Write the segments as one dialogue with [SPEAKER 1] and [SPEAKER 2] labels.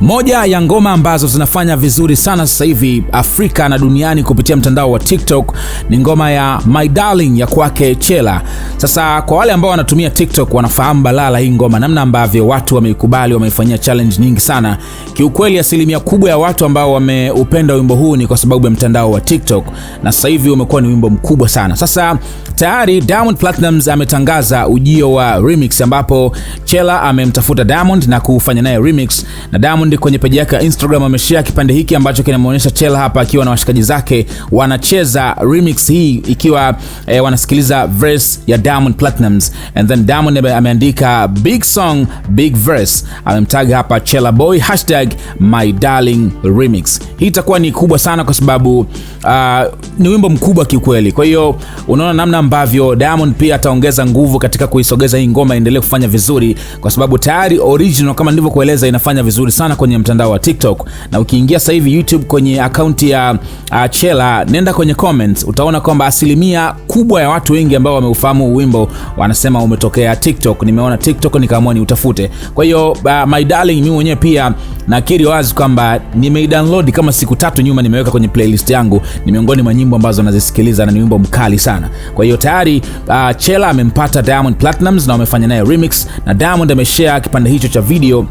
[SPEAKER 1] Moja ya ngoma ambazo zinafanya vizuri sana sasa hivi Afrika na duniani kupitia mtandao wa TikTok ni ngoma ya My Darling ya kwake Chela. Sasa kwa wale ambao wanatumia TikTok wanafahamu balala hii ngoma, namna ambavyo watu wameikubali, wameifanyia challenge nyingi sana. Kiukweli, asilimia kubwa ya watu ambao wameupenda wimbo huu ni kwa sababu ya mtandao wa TikTok, na sasa hivi umekuwa ni wimbo mkubwa sana. Sasa tayari Diamond Platnumz ametangaza ujio wa remix, ambapo Chela amemtafuta Diamond na kufanya naye remix na Diamond Diamond kwenye peji yake ya Instagram ameshare kipande hiki ambacho kinamuonyesha Chela hapa akiwa na washikaji zake wanacheza remix hii ikiwa eh, wanasikiliza verse ya Diamond Platinums and then Diamond ameandika big song big verse, amemtag hapa Chela boy hashtag my darling remix. Hii itakuwa ni kubwa sana kwa sababu uh, ni wimbo mkubwa kiukweli. Kwa hiyo unaona namna ambavyo Diamond pia ataongeza nguvu katika kuisogeza hii ngoma iendelee kufanya vizuri, kwa sababu tayari original kama nilivyokueleza inafanya vizuri sana kwenye mtandao wa TikTok, na ukiingia sasa hivi YouTube kwenye akaunti ya uh, Chela, nenda kwenye comments, utaona kwamba asilimia kubwa ya watu wengi ambao wameufahamu wimbo wanasema umetokea TikTok. Nimeona TikTok nikaamua ni utafute Kwa hiyo uh, my darling, mimi mwenyewe pia nakiri wazi kwamba nimeidownload kama siku tatu nyuma, nimeweka kwenye playlist yangu. Ni miongoni mwa nyimbo ambazo nazisikiliza na ni wimbo mkali sana. Kwa hiyo tayari uh, Chela amempata Diamond platinums na wamefanya naye remix na Diamond ameshare kipande hicho cha video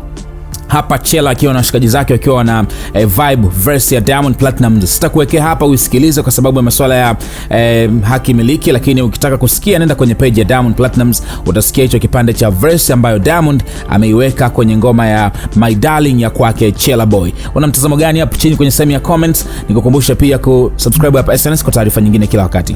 [SPEAKER 1] hapa Chela akiwa na washikaji zake wakiwa wana e, eh, vibe verse ya Diamond Platinum. Sitakuwekea hapa usikilize kwa sababu ya masuala ya e, haki miliki, lakini ukitaka kusikia nenda kwenye page ya Diamond Platinum utasikia hicho kipande cha verse ambayo Diamond ameiweka kwenye ngoma ya My Darling ya kwake Chela Boy. Una mtazamo gani? Hapo chini kwenye sehemu ya comments. Nikukumbusha pia kusubscribe hapa SnS kwa taarifa nyingine kila wakati.